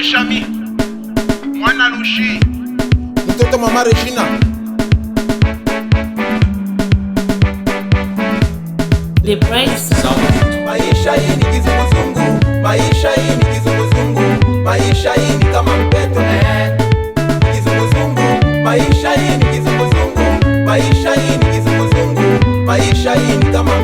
Beshami mwana Lushi, mtoto mama Regina. The Bright Sound. Maisha hii ni kizunguzungu, maisha hii ni kizunguzungu, maisha hii ni kama mpeto Kizunguzungu, maisha hii ni kizunguzungu, maisha hii ni kizunguzungu, maisha hii ni kama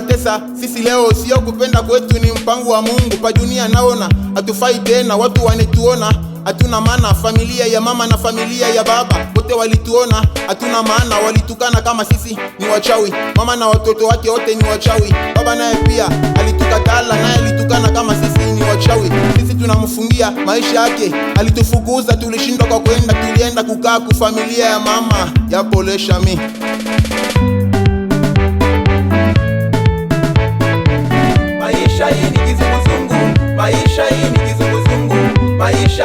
tunatesa sisi leo, sio kupenda kwetu, ni mpango wa Mungu. Pa dunia naona hatufai tena, watu wanituona hatuna maana. Familia ya mama na familia ya baba wote walituona hatuna maana, walitukana kama sisi ni wachawi. Mama na watoto wake wote ni wachawi, baba naye pia alitukatala, naye alitukana kama sisi ni wachawi. Sisi tunamfungia maisha yake, alitufukuza, tulishindwa kwa kwenda, tulienda kukaa kwa familia ya mama Yapolesha poleshami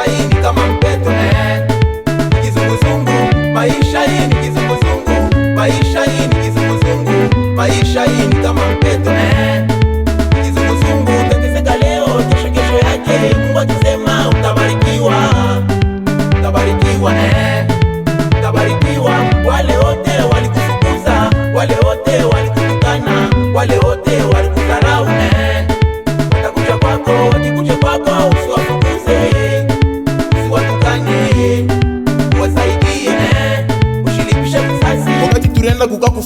maisha hii ni kama mpeto kizunguzungu maisha hii ni kizunguzungu maisha hii ni kizunguzungu maisha hii ni kama mpeto.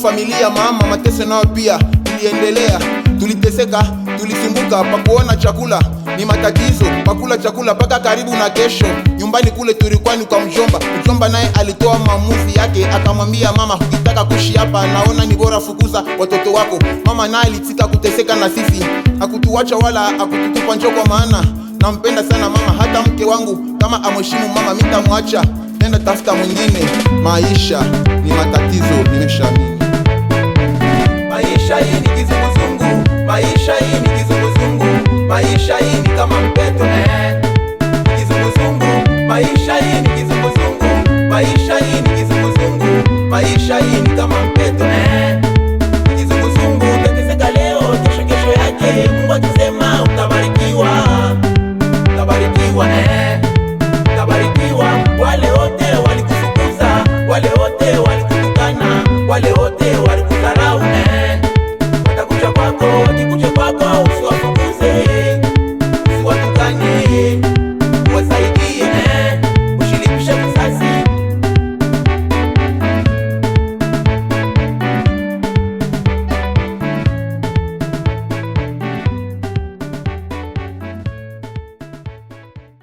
familia, mama, mateso nao pia tuliendelea, tuliteseka, tulisumbuka, pakuona chakula ni matatizo, pakula chakula mpaka karibu na kesho. Nyumbani kule tulikuwa kwa mjomba, mjomba naye alitoa maamuzi yake, akamwambia mama, ukitaka kushi hapa, naona ni bora fukuza watoto wako. Mama naye alitika kuteseka na sisi, hakutuacha wala akututupa njoo, kwa maana nampenda sana mama. Hata mke wangu kama amheshimu mama, mitamwacha nenda tafuta mwingine. Maisha ni matatizo, nimeshamini maisha hii ni kama mpeto eh, kizunguzungu. Maisha hii ni kizunguzungu, maisha hii ni kizunguzungu, maisha hii ni kama mpeto.